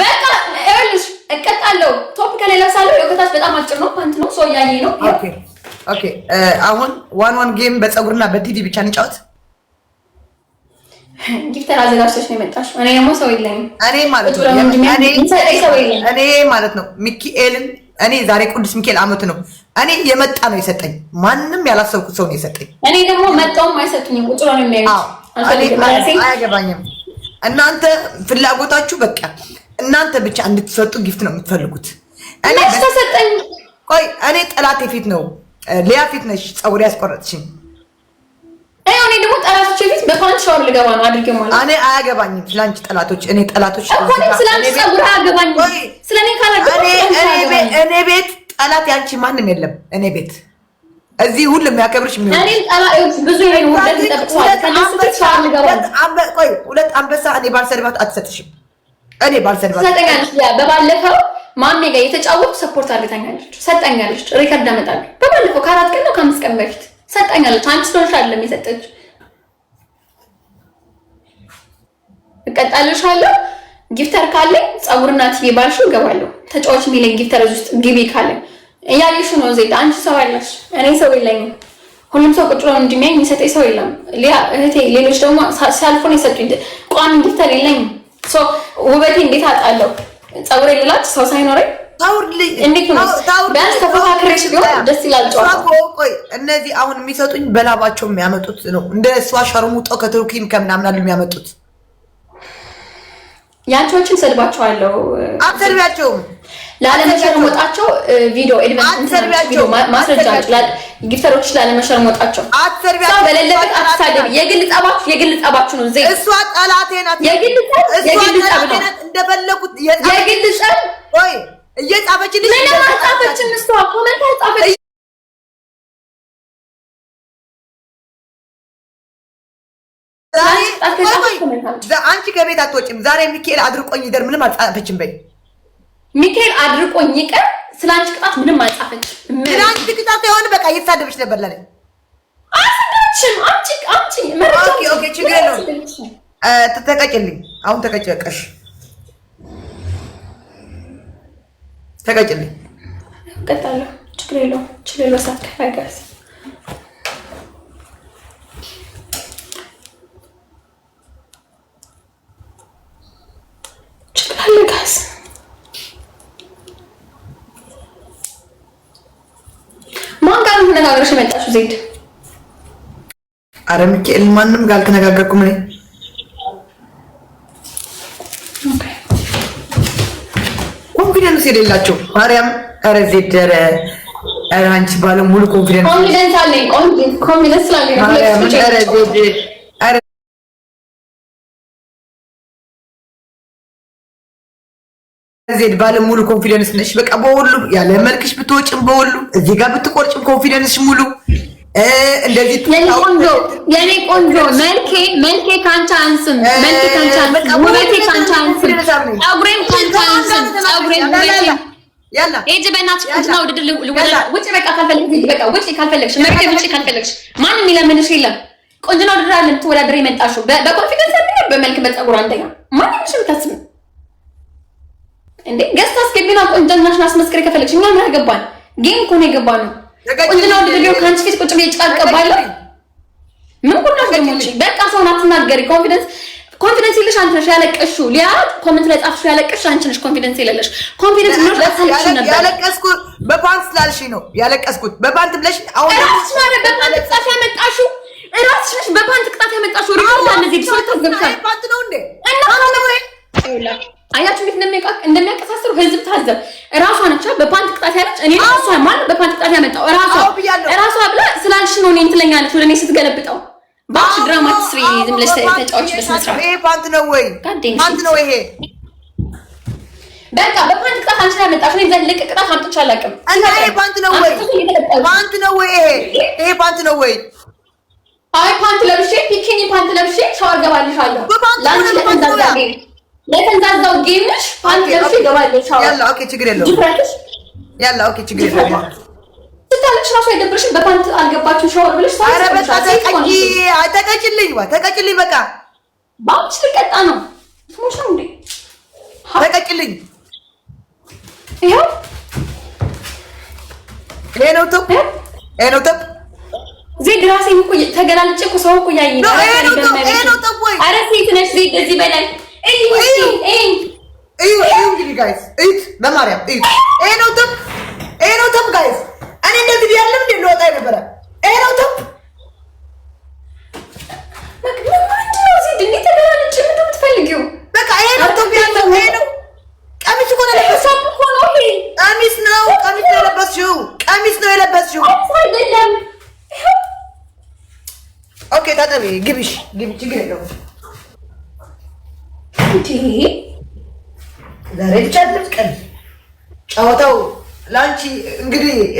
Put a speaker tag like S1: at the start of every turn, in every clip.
S1: በቃ ይኸውልሽ፣ እቀጣለሁ። ቶፕ ከላይ ለብሳለሁ። በጣም አጭር ነው፣ ፓንት ነው። ሰው እያየኝ ነው።
S2: ኦኬ፣ አሁን ዋን ዋን ጌም በፀጉርና በቲቪ ብቻ እንጫወት።
S1: ጊፍተር አዘጋጅተሽ ነው የመጣሽው። እኔ ደግሞ ሰው የለኝም። እኔ ማለት ነው እኔ
S2: እኔ ዛሬ ቅዱስ ሚካኤል አመት ነው። እኔ የመጣ ነው የሰጠኝ፣ ማንም ያላሰብኩት ሰው ነው የሰጠኝ።
S1: እኔ ደግሞ መጣውም አይሰጡኝም፣ ቁጭ ነው
S2: የሚያዩት። አያገባኝም። እናንተ ፍላጎታችሁ በቃ እናንተ ብቻ እንድትሰጡ ጊፍት ነው የምትፈልጉት። ቆይ እኔ ጠላቴ ፊት ነው ሊያ ፊት ነሽ ፀጉር ያስቆረጥሽኝ።
S1: እኔ ደግሞ ጠላቶች ፊት በፓንት ሻወር ልገባ ነው አድርጌ ማለት
S2: እኔ አያገባኝም። ስለአንቺ ጠላቶች እኔ ጠላቶች እኔ ቤት ጠላት ያንቺ ማንም የለም። እኔ ቤት እዚህ ሁሉ የሚያከብርሽ የሚሆን
S1: ሁለት አንበሳ እኔ ባልሰድባት አትሰጥሽም እኔ ባልሰድባት ሰጠኛለች። በባለፈው ማሜ ጋር የተጫወትኩ ሰፖርት አድርገኛለች፣ ሰጠኛለች፣ ሪከርድ አመጣለሁ። በባለፈው ከአራት ቀን ነው ከአምስት ቀን በፊት ሰጠኛለች። አንቺ ስለሆንሽ አይደለም የሰጠች እቀጣልሻለሁ። ጊፍተር ካለኝ ፀጉርና ቲቪ ባልሹ እገባለሁ። ተጫዋች የሚለኝ ጊፍተር ውስጥ ግቢ ካለኝ እያየሹ ነው። ዜጣ አንቺ ሰው አለሽ፣ እኔ ሰው የለኝም። ሁሉም ሰው ቁጭ ብሎ እንዲሚያኝ የሚሰጠኝ ሰው የለም። ሌሎች ደግሞ ሲያልፉ የሰጡኝ። ቋሚ ጊፍተር የለኝም። ውበቴ እንዴት አጣለው? ፀጉሬ ልላጭ ሰው ሳይኖረኝ
S2: እነዚህ አሁን የሚሰጡኝ በላባቸው የሚያመጡት ነው። እንደ እሷ ሸርሙጠው ከቱርኪም ከምናምን አሉ የሚያመጡት።
S1: ያንቺዎችን ሰድባቸዋለሁ።
S2: አትሰድቢያቸውም
S1: ላለመሸርሞጣቸው ቪዲዮ ኤድቨንስ ማስረጃ ጊፍተሮች ላለመሸርሞጣቸው በሌለበት አትሳደብ። የግል ጸባችሁ የግል ጸባችሁ ነው። ዜና
S2: እሷ ጠላቴ ናት። የግል ጸብ የግል ጸብ ነው። እንደፈለጉት
S1: የግል ጸብ
S2: ወይ እየጻፈች ልጅ
S1: ምን አጻፈችም። እሷ ኮመንት አጻፈች።
S2: አንቺ ከቤት አትወጪም ዛሬ። ሚካኤል አድርቆኝ ይደር ምንም አልጻፈችም በይ
S1: ሚካኤል አድርቆኝ ይቀር። ስለ አንቺ ቅጣት ምንም አልጻፈች።
S2: ስለ አንቺ ቅጣት የሆነ በቃ እየተሳደበች ነበር ላይ
S1: አስደችም አንቺ አንቺ መረጃ
S2: ኦኬ ችግር ነው። ተቀጭልኝ አሁን ተቀጭ በቃሽ ተቀጭልኝ።
S1: ቀጣለሁ ችግር የለውም ችግር የለውም ሳትከፋ አይጋስ ተነጋግረሽ የመጣሽው ዜድ?
S2: አረ ሚካኤል ማንም ጋር አልተነጋገርኩም እኔ ኮንፊደንስ የሌላቸው ማርያም። አረ ዜድ ኧረ አንቺ ባለ ሙሉ ኮንፊደንስ
S1: ኮንፊደንስ አለኝ። ኮንፊደንስ ስላለኝ
S2: ነው። ዜድ ባለ ሙሉ ኮንፊደንስ ነሽ። በቃ በሁሉም ያለ መልክሽ ብትወጭም በሁሉም እዚህ ጋር ብትቆርጭም ኮንፊደንስሽ ሙሉ እንደዚህ
S1: ቆንጆ የኔ ቆንጆ መልኬ መልኬ ካንቺ አንስም፣ መልኬ ካንቺ አንስም፣ ውበቴ ካንቺ አንስም፣ ጸጉሬም ካንቺ አንስም፣ ጸጉሬም ውበቴ ያላ እጂ በእናትሽ እንትና ውድድር ልወዳ ውጪ በቃ ካልፈለግሽ በቃ ውጪ ካልፈለግሽ መርገብ ውጪ ካልፈለግሽ ማንም ይለምንሽ የለም። ቆንጅና ውድድር አለን ትወዳደር የመጣሽው በኮንፊደንስ በመልክ በጸጉር አንደኛ ማንም ሽም ታስብ እንዴ ገስት አስገቢና ቁንጅናሽን አስመስክሪ ከፈለግሽ እኛ ምን አገባን? ጌም እኮ ነው የገባነው። ቁንጅና ወደ ቪዲዮ ከአንቺ ፊት ቁጭ ብዬ ጫቅ ምን ቁናሽ ደሞች በቃ ሰውን አትናገሪ። ኮንፊደንስ ኮንፊደንስ ይልሽ አንቺ ነሽ ያለቀሹ። ሊያ ኮመንት ላይ ጻፍሽ ያለቀሽ አንቺ ነሽ። ኮንፊደንስ የሌለሽ ኮንፊደንስ ነው ታሳልሽ
S2: ነበር። ያለቀስኩት በፓንት ስላልሽ ነው ያለቀስኩት። በፓንት ብለሽ
S1: አሁን ራስሽ ማለት በፓንት ጻፍ ያመጣሽው ራስሽ ነሽ። በፓንት ቅጣት ያመጣሽው ሪፖርት አለ ዜግ ሰው ታዘብሻል። ፓንት ነው እንዴ እና ነው ነው አያችሁ እንዴት እንደሚያቀሳስሩ ህዝብ ታዘብ። እራሷ ነቻ በፓንት ቅጣት ያለች። እኔ እሷ ማለት በፓንት ቅጣት ያመጣው እራሷ እራሷ ብላ ስላልሽ ነው። እኔን ትለኛለች ወደ እኔ ስትገለብጠው። እባክሽ ድራማ ትስሪ ዝም ብለሽ ተጫዋች በስነ ስርዓት።
S2: ይሄ ፓንት ነው ወይ ፓንት ነው ይሄ?
S1: በቃ በፓንት ቅጣት አንቺ ላይ ያመጣሽ ነው። ዘለቀ ቅጣት አምጥቼ አላውቅም።
S2: እና ይሄ ፓንት ነው ወይ ፓንት ነው ወይ ይሄ ይሄ ፓንት ነው ወይ?
S1: አይ ፓንት ለብሼ ፒኪኒ ፓንት ለብሼ ሻወር ገባልሻለሁ ላንቺ ለእንዳዛገኝ ለተንዛዛው ጌምሽ አንድ ለብሽ ይገባል።
S2: ያላ ኦኬ፣ ችግር የለውም። ዲፍረንትሽ ያላ ኦኬ፣ ችግር የለውም።
S1: በቃ ተቀቂ ተቀቂልኝ፣ ተገላልጬ እኮ ሰው እኮ ያየኝ ነው። ኧረ ሴት ነሽ ዜድ፣ እዚህ በላይ
S2: እንግዲህ ጋይዝ እዩት፣ በማርያም እዩት። ይሄ ነው ተብ፣ ይሄ ነው ይሄ ነው እኔ እንደዚህ ቢያለም ነበረ። ይሄ ነው ቀሚስ ነው ግቢሽ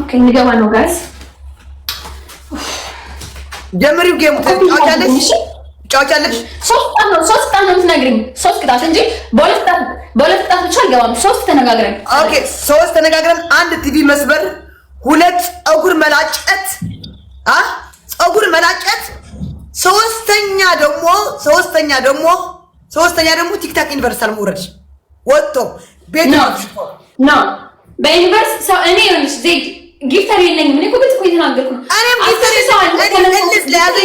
S1: ኦኬ እንገባ ነው ጋይስ።
S2: ጀምሪው ጌሙ ሶስት ቅጣት ነው
S1: ሶስት ቅጣት ነው የምትነግሪኝ፣ ሶስት ቅጣት እንጂ በሁለት ቅጣት በሁለት ቅጣት ብቻ አልገባም። ሶስት ተነጋግረን
S2: ኦኬ፣ ሶስት ተነጋግረን አንድ ቲቪ መስበር፣ ሁለት ፀጉር መላጨት አ ፀጉር መላጨት፣ ሶስተኛ ደግሞ ሶስተኛ ደግሞ ሶስተኛ ደግሞ ቲክታክ ዩኒቨርሳል መውረድ ወጥቶ ቤት
S1: ነው በዩኒቨርስ ሰው እኔ ዜግ ጊፍተር የለኝም። እኔ የተናገርኩ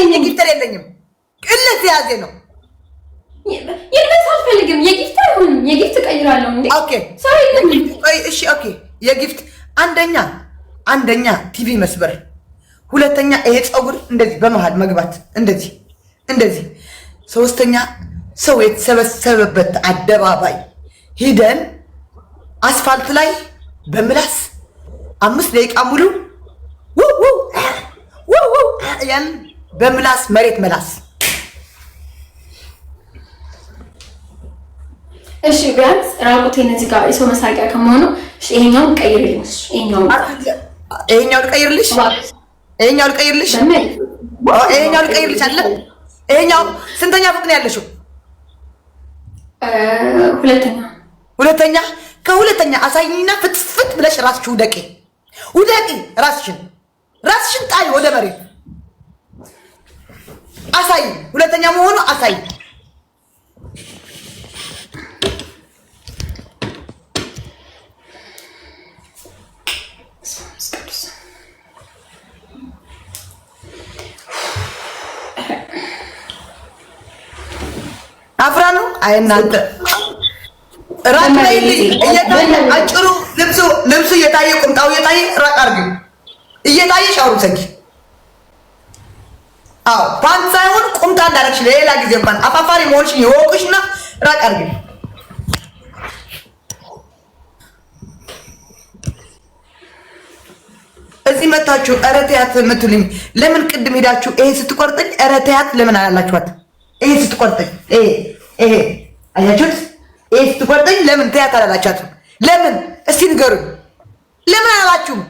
S2: እኔም ጊፍተር ጊፍተር የለኝም። የያዘ ነው።
S1: የልበት አልፈልግም። የጊፍት አይሆንም። የጊፍት እቀይራለሁ።
S2: እሺ ኦኬ። የጊፍት አንደኛ አንደኛ ቲቪ መስበር፣ ሁለተኛ ይሄ ፀጉር እንደዚህ በመሀል መግባት እንደዚህ እንደዚህ፣ ሶስተኛ ሰው የተሰበሰበበት አደባባይ ሂደን አስፋልት ላይ በምላስ አምስት ደቂቃ ሙሉ ያን በምላስ መሬት መላስ።
S1: እሺ ቢያንስ ራቁቴን እዚህ ጋር የሰው መሳቂያ ከመሆኑ ይሄኛውን ቀይርልኝ፣ ይሄኛውን ቀይርልሽ፣
S2: ይሄኛውን ቀይርልሽ፣ ይሄኛውን ቀይርልሽ አለ። ይሄኛው ስንተኛ ፎቅ ነው ያለሽው? ሁለተኛ። ሁለተኛ ከሁለተኛ አሳይኝና ፍትፍት ብለሽ ራስችሁ ደቄ ውደቂ፣ ራስሽን ራስሽን ጣይ ወደ መሬት አሳይ፣ ሁለተኛ መሆኑ አሳይ። አፍራ ነው። አይ እናንተ ራስ ላይ አጭሩ ልብሱ እየታየ ቁምጣው እየታየ ራቅ አርግ እየታየ ሻወር ውሰጂ። አዎ ፓንት ሳይሆን ቁምጣ እንዳረግሽ ሌላ ጊዜ እንኳን አፋፋሪ መሆንሽን ይወቁሽና ራቅ አርግ እዚህ መታችሁ ኧረ ተያት የምትሉኝ ለምን? ቅድም ሄዳችሁ ይሄ ስትቆርጠኝ ኧረ ተያት ለምን አላላችኋት? ይሄ ስትቆርጠኝ ይሄ ይሄ አያችሁት? ይሄ ስትቆርጥኝ ለምን ተያት አላላችኋት? ለምን እስቲ ንገሩኝ? ለምን አላላችሁም?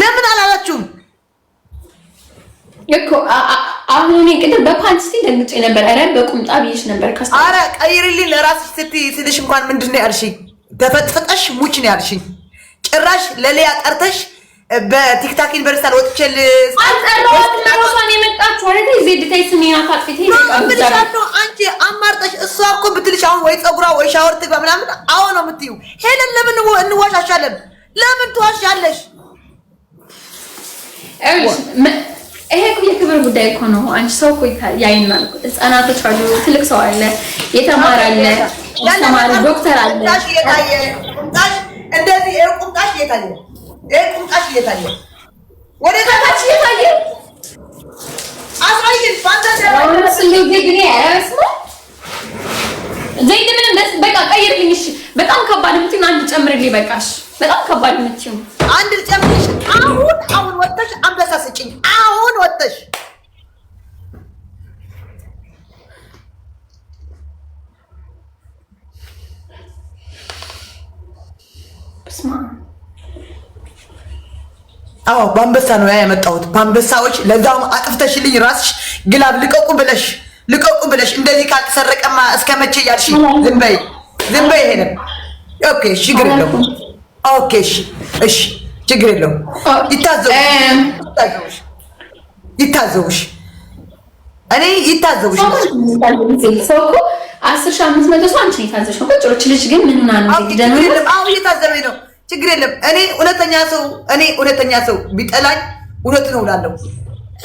S2: ለምን አላላችሁም
S1: እኮ አሁን እኔ ቅድም በፓንት ስቲ ደንግጬ ነበር። ኧረ በቁምጣ ብዬሽ ነበር።
S2: አረ ኧረ ቀይርልኝ ለራስሽ ስትይ ስልሽ እንኳን ምንድን ነው ያልሽኝ? ተፈጥፍጠሽ ሙች ነው ያልሽኝ። ጭራሽ ለሌላ ቀርተሽ በቲክታክ ዩኒቨርሲቲ ወጥቼ አንቺ አማርጠሽ እሷ እኮ ብትልሽ አሁን ወይ ፀጉሯ ወይ ሻወር ትግባ ምናምን አሁን ነው የምትዩ ሄለን ለምን እንዋሻሻለን? ለምን ትዋሻለሽ?
S1: ይሄ እኮ የክብር ጉዳይ እኮ ነው። አንቺ ሰው እኮ ያይናል። ህፃናቶች አሉ፣ ትልቅ ሰው አለ፣ የተማረ አለ፣ ዶክተር አለ።
S2: እንደዚህ ቁምጣሽ እየታየ ይሄ ቁምጣሽ እየታየ
S1: ወደ ታች እየታየ አሳይን ዘይት ምንም በቃ ቀይርልኝ። እሺ በጣም ከባድ የምትይው አንድ ጨምርልኝ። በቃሽ በጣም ከባድ የምትይው
S2: አንድ ጨምርልሽ። አሁን አሁን ወጥተሽ አንበሳ ስጭኝ። አሁን ወጥተሽ ስማ አዎ በአንበሳ ነው ያ ያመጣሁት። በአንበሳዎች ለዛውም አጥፍተሽልኝ ራስሽ ግላብ ልቀቁ ብለሽ ልቀቁ ብለሽ እንደዚህ ካልተሰረቀማ እስከ መቼ ያልሽ። ዝም በይ ዝም በይ። ይሄንም ኦኬ፣ ችግር የለው። ኦኬ፣ እሺ፣ እሺ፣ ችግር የለው።
S1: ይታዘቡሽ፣
S2: ይታዘቡሽ፣ እኔ ይታዘቡሽ።
S1: ሰው አስር ሺህ አምስት መቶ ሰው አንቺ ነው የታዘብሽ። ቁጭ ልጅ ግን ምን ሆና ነው?
S2: አዎ እየታዘበ ችግር የለም። እኔ እውነተኛ ሰው እኔ እውነተኛ ሰው ቢጠላኝ እውነት ነው እላለሁ።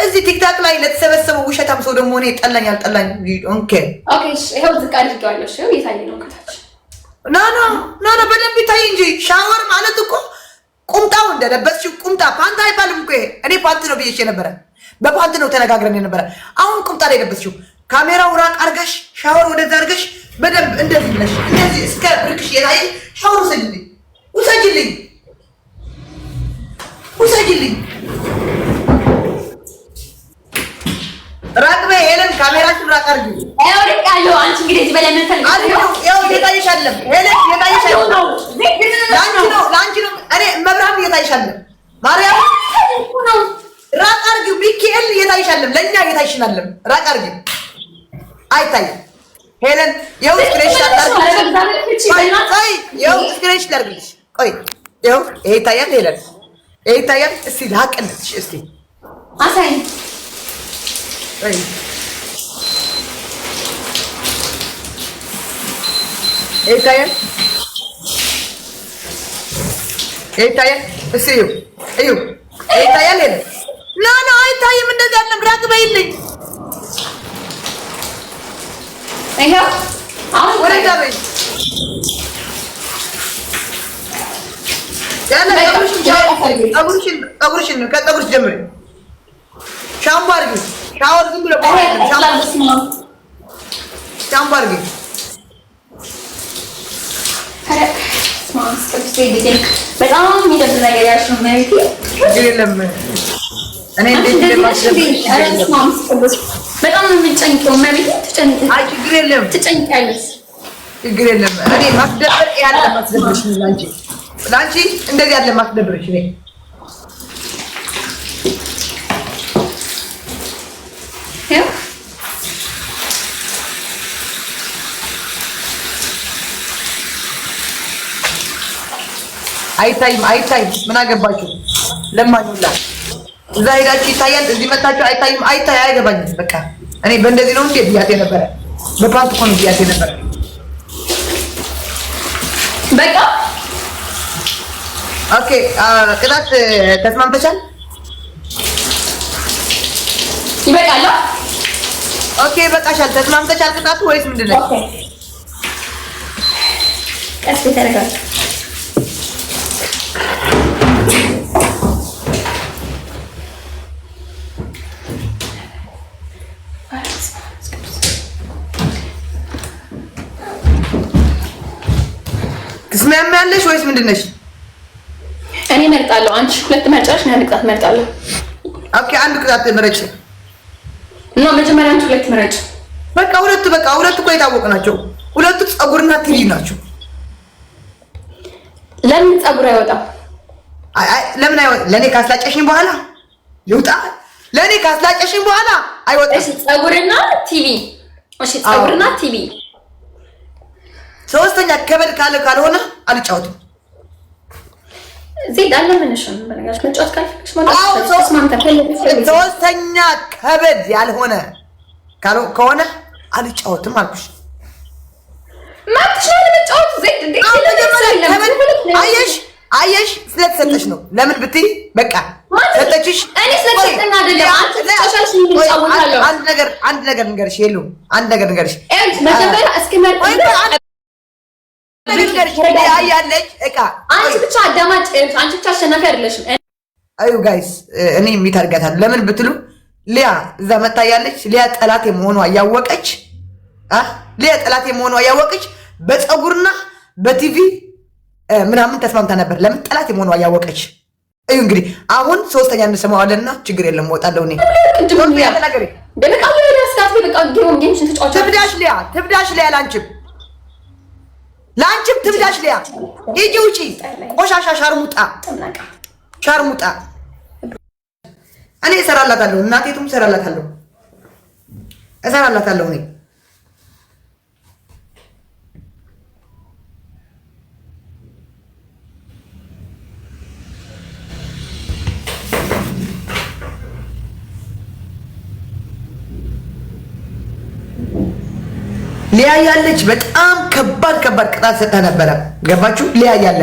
S2: እዚህ ቲክታክ ላይ ለተሰበሰበው ውሸታም ሰው ደግሞ እኔ ጠላኝ አልጠላኝ ና በደንብ ይታይ እንጂ ሻወር ማለት እኮ ቁምጣው እንደለበስ ቁምጣ ፓንት አይባልም እኮ እኔ ፓንት ነው ብዬሽ የነበረ በፓንት ነው ተነጋግረን የነበረ። አሁን ቁምጣ ላይ የለበስሽው ካሜራው ራቅ አርገሽ ሻወር ወደዛ አርገሽ በደንብ እንደዚህ ብለሽ እንደዚህ እስከ ብርቅሽ የላይ ሻወር ውሰጅልኝ ውሰጅልኝ፣ ውሰጅልኝ። ራቅ በይ ሄለን፣ ካሜራችን ራቅ አድርጊ።
S1: ወድቃለሁ። አንቺ እንግዲህ እዚህ
S2: መብራም እየታየሽ ማርያም ራቅ አድርጊ። ሚካኤል እየታየሽ ለእኛ እየታየሽ ራቅ አድርጊ። አይታይም። ሄለን የውስጥ ግሬሽ ላድርግልሽ። ቆይ ይኸው ይሄ ይታያል። ሄለን ይሄ ይታያል። እስቲ ላቅልሽ እስቲ አሳይ። ይሄ ይታያል። ይሄ ይታያል። እስቲ እዩ እዩ። ይሄ ይታያል። ሄለን
S1: ኖ ኖ አይታይም። እንደዚህ አለም ራቅ በይልኝ። ይኸው
S2: አሁን ወደ እዛ በይ ያለ ጸጉርሽን ጸጉርሽን ጸጉርሽን ከጸጉርሽ ጀምሪ። ሻምፖ አድርጊ። ሻወር ዝም ብሎ ሻምፖ አድርጊ።
S1: በጣም የሚደብር ነገር ያልሽው መቤቴ
S2: የለም። እኔ
S1: በጣም ነው የምጨንቀው መቤቴ።
S2: ችግር የለም፣
S1: ትጨንቂያለሽ።
S2: ችግር የለም። እኔ ማስደበር ያለ ማስደብሽ አንቺ ለአንቺ እንደዚህ ያለ ማስደብረሽ ነ አይታይም አይታይም። ምን አገባችሁ? ለማኙላ እዛ ሄዳችሁ ይታያል፣ እዚህ መታችሁ አይታይም። አይታይ አይገባኝም። በቃ እኔ በእንደዚህ ነው እንዴ ብያቴ ነበረ። በፓንት እኮ ብያቴ ነበረ። በቃ ኦኬ ቅጣት ተስማምተሻል? ይበቃል። ኦኬ ይበቃሻል። ተስማምተሻል ቅጣቱ ወይስ ምንድን ነው? ትስማሚያለሽ ወይስ ምንድን ነሽ?
S1: እመርጣለሁ። አንቺ ሁለት መርጫሽ ነው፣ አንድ ቅጣት እመርጣለሁ።
S2: ኦኬ፣ አንድ ቅጣት ምረጭ
S1: እና መጀመሪያ አንቺ ሁለት ምረጭ።
S2: በቃ ሁለቱ በቃ ሁለቱ እኮ የታወቁ ናቸው። ሁለቱ ፀጉርና ትሪ ናቸው።
S1: ለምን ፀጉር አይወጣም?
S2: ለምን አይወጣም? ለኔ ካስላጨሽኝ በኋላ ይውጣ። ለኔ ካስላጨሽኝ በኋላ
S1: አይወጣም። እሺ፣ ፀጉርና ቲቪ። እሺ፣ ፀጉርና ቲቪ።
S2: ሶስተኛ ከበድ ካለ ካልሆነ አልጫወትም።
S1: ዜድ አለምንሽም በነገራችን
S2: ሶስተኛ ከበድ ያልሆነ ከሆነ አልጫወትም አልኩሽ። አየሽ አየሽ ስለተሰጠሽ ነው። ለምን ብትይ በቃ ሰጠችሽ። አንድ ነገር ንገርሽ የለውም አንድ ነገር ንገርሽ ያለች እቃ አንቺ አዩ ጋይስ እኔ የሚታርጋታል ለምን ብትሉ ሊያ እዛ መታ ያለች ሊያ ጠላት የመሆኗ ያወቀች ሊያ ጠላት የመሆኗ ያወቀች በፀጉርና በቲቪ ምናምን ተስማምታ ነበር። ለምን ጠላት የመሆኗ ያወቀች እዩ እንግዲህ አሁን ሶስተኛ እንሰማዋለንና ችግር የለም ወጣለሁ እኔ ትብዳሽ ሊያ ትብዳሽ ሊያ ላንቺም ለአንቺም ትብዳሽ። ሊያ ሂጂ ውጪ፣ ቆሻሻ ሻርሙጣ ሻርሙጣ። እኔ እሰራላታለሁ፣ እናቴቱም እሰራላታለሁ፣ እሰራላታለሁ እኔ ሊያ ያለች በጣም ከባድ ከባድ ቅጣት ሰጥታ ነበረ። ገባችሁ? ሊያ ያለ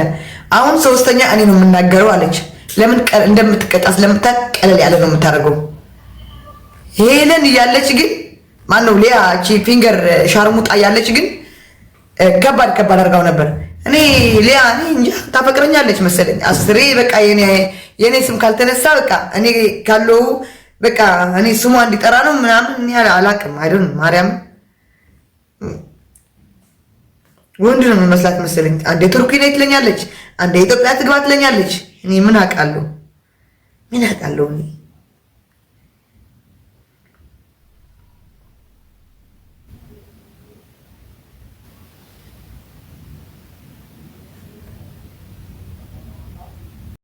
S2: አሁን ሶስተኛ እኔ ነው የምናገረው አለች። ለምን እንደምትቀጣ ስለምታ ቀለል ያለ ነው የምታደርገው። ሄለን እያለች ግን ማነው ሊያ እቺ ፊንገር ሻርሙጣ እያለች ግን ከባድ ከባድ አድርጋው ነበር። እኔ ሊያ እኔ እንጃ ታፈቅረኛለች መሰለኝ። አስሬ በቃ የእኔ ስም ካልተነሳ በቃ እኔ ካለው በቃ እኔ ስሟ እንዲጠራ ነው ምናምን አላቅም አይደ ማርያም ወንድ ነው መስላት መሰለኝ። አንዴ ቱርክ ነኝ ትለኛለች፣ አንዴ ኢትዮጵያ ትግባ ትለኛለች። እኔ ምን አውቃለሁ? ምን አውቃለሁ?